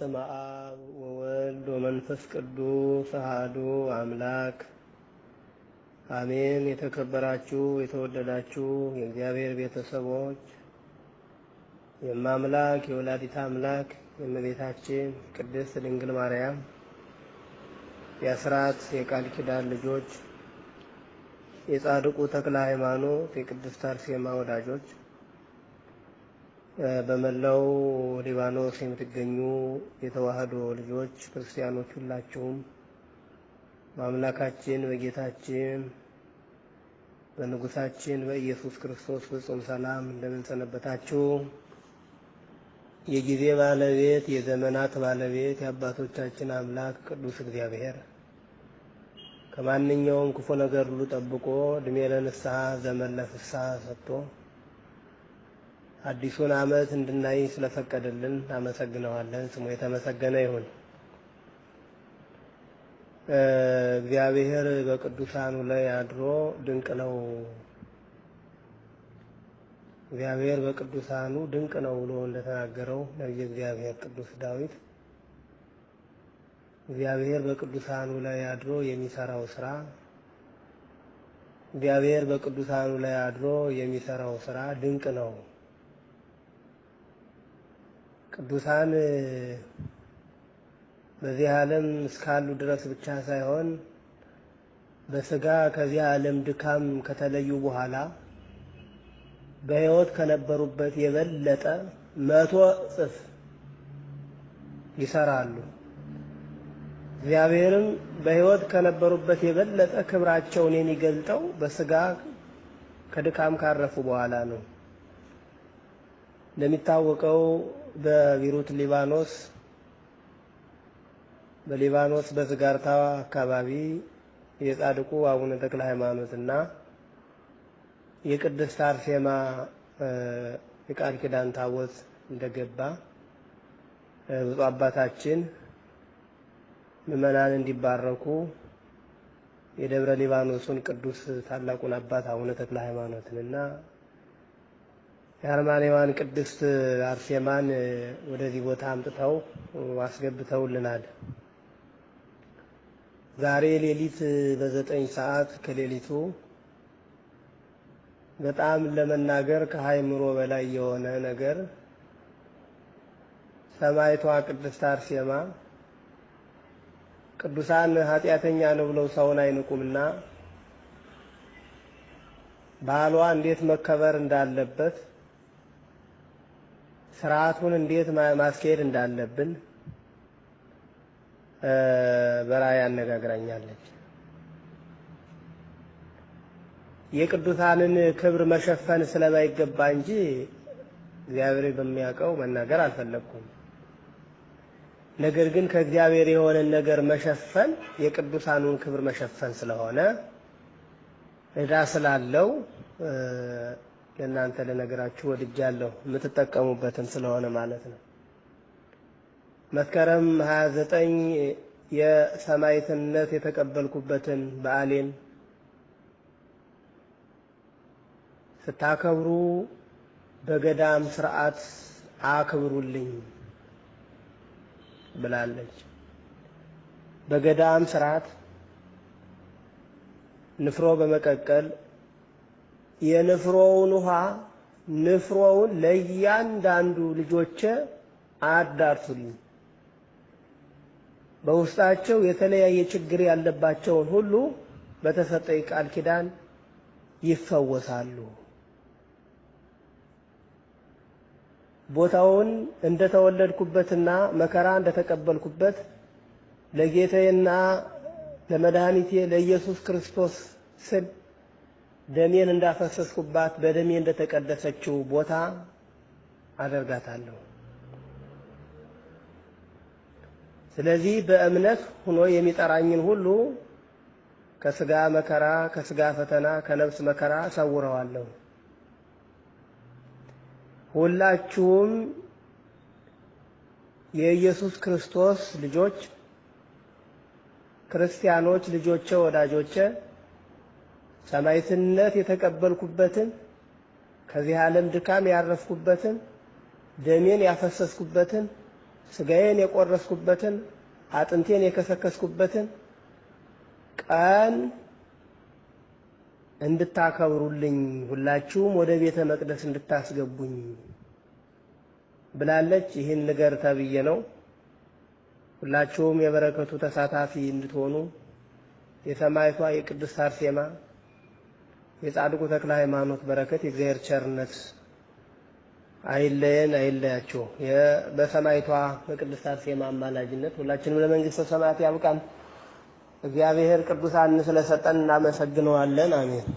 በስመ አብ ወወልድ ወመንፈስ ቅዱስ አሐዱ አምላክ አሜን። የተከበራችሁ የተወደዳችሁ የእግዚአብሔር ቤተሰቦች የማምላክ የወላዲት አምላክ የእመቤታችን ቅድስት ድንግል ማርያም የአስራት የቃል ኪዳን ልጆች የጻድቁ ተክለ ሃይማኖት የቅድስት አርሴማ ወዳጆች በመላው ሊባኖስ የምትገኙ የተዋህዶ ልጆች ክርስቲያኖች ሁላችሁም በአምላካችን በጌታችን በንጉሳችን በኢየሱስ ክርስቶስ ፍጹም ሰላም እንደምን ሰነበታችሁ? የጊዜ ባለቤት የዘመናት ባለቤት የአባቶቻችን አምላክ ቅዱስ እግዚአብሔር ከማንኛውም ክፉ ነገር ሁሉ ጠብቆ እድሜ ለንስሐ ዘመን ለፍስሐ ሰጥቶ አዲሱን ዓመት እንድናይ ስለፈቀደልን አመሰግነዋለን። ስሙ የተመሰገነ ይሁን። እግዚአብሔር በቅዱሳኑ ላይ አድሮ ድንቅ ነው። እግዚአብሔር በቅዱሳኑ ድንቅ ነው ብሎ እንደተናገረው ነቢየ እግዚአብሔር ቅዱስ ዳዊት እግዚአብሔር በቅዱሳኑ ላይ አድሮ የሚሰራው ስራ እግዚአብሔር በቅዱሳኑ ላይ አድሮ የሚሰራው ስራ ድንቅ ነው። ቅዱሳን በዚህ ዓለም እስካሉ ድረስ ብቻ ሳይሆን በስጋ ከዚህ ዓለም ድካም ከተለዩ በኋላ በሕይወት ከነበሩበት የበለጠ መቶ እጥፍ ይሰራሉ። እግዚአብሔርም በሕይወት ከነበሩበት የበለጠ ክብራቸውን የሚገልጠው በስጋ ከድካም ካረፉ በኋላ ነው። እንደሚታወቀው በቢሩት ሊባኖስ በሊባኖስ በስጋርታ አካባቢ የጻድቁ አቡነ ተክለ እና የቅድስት አርሴማ የቃል ኪዳን ታቦት እንደገባ ብፁዕ አባታችን ምዕመናን እንዲባረኩ የደብረ ሊባኖሱን ቅዱስ ታላቁን አባት አቡነ ተክለ ሃይማኖትንና የአርማኔዋን ቅድስት አርሴማን ወደዚህ ቦታ አምጥተው አስገብተውልናል። ዛሬ ሌሊት በዘጠኝ ሰዓት ከሌሊቱ በጣም ለመናገር ከአእምሮ በላይ የሆነ ነገር ሰማይቷ ቅድስት አርሴማ ቅዱሳን ኃጢአተኛ ነው ብለው ሰውን አይንቁምና ባሏ እንዴት መከበር እንዳለበት ስርዓቱን እንዴት ማስኬድ እንዳለብን በራእይ ያነጋግራኛለች። የቅዱሳንን ክብር መሸፈን ስለማይገባ እንጂ እግዚአብሔር በሚያውቀው መናገር አልፈለግኩም። ነገር ግን ከእግዚአብሔር የሆነን ነገር መሸፈን የቅዱሳኑን ክብር መሸፈን ስለሆነ እዳ ስላለው ለእናንተ ለነገራችሁ ወድጃለሁ የምትጠቀሙበትን ስለሆነ ማለት ነው። መስከረም 29 የሰማይትነት የተቀበልኩበትን በዓሌን ስታከብሩ በገዳም ስርዓት አክብሩልኝ ብላለች። በገዳም ስርዓት ንፍሮ በመቀቀል የንፍሮውን ውሃ ንፍሮውን ለእያንዳንዱ ልጆቼ አዳርሱልኝ። በውስጣቸው የተለያየ ችግር ያለባቸውን ሁሉ በተሰጠኝ ቃል ኪዳን ይፈወሳሉ። ቦታውን እንደተወለድኩበትና መከራ እንደተቀበልኩበት ለጌታዬና ለመድኃኒቴ ለኢየሱስ ክርስቶስ ስል ደሜን እንዳፈሰስኩባት በደሜ እንደተቀደሰችው ቦታ አደርጋታለሁ። ስለዚህ በእምነት ሆኖ የሚጠራኝን ሁሉ ከስጋ መከራ፣ ከስጋ ፈተና፣ ከነፍስ መከራ እሰውረዋለሁ። ሁላችሁም የኢየሱስ ክርስቶስ ልጆች ክርስቲያኖች ልጆቼ፣ ወዳጆቼ ሰማይትነት የተቀበልኩበትን ከዚህ ዓለም ድካም ያረፍኩበትን ደሜን ያፈሰስኩበትን ስጋዬን የቆረስኩበትን አጥንቴን የከሰከስኩበትን ቀን እንድታከብሩልኝ ሁላችሁም ወደ ቤተ መቅደስ እንድታስገቡኝ ብላለች። ይህን ንገር ተብዬ ነው። ሁላችሁም የበረከቱ ተሳታፊ እንድትሆኑ የሰማይቷ የቅድስት አርሴማ የጻድቁ ተክለ ሃይማኖት በረከት የእግዚአብሔር ቸርነት አይለየን፣ አይለያቸው። በሰማይቷ በቅድስት አርሴማ አማላጅነት ሁላችንም ለመንግስተ ሰማያት ያብቃን። እግዚአብሔር ቅዱሳን ስለሰጠን እናመሰግነዋለን። አሜን።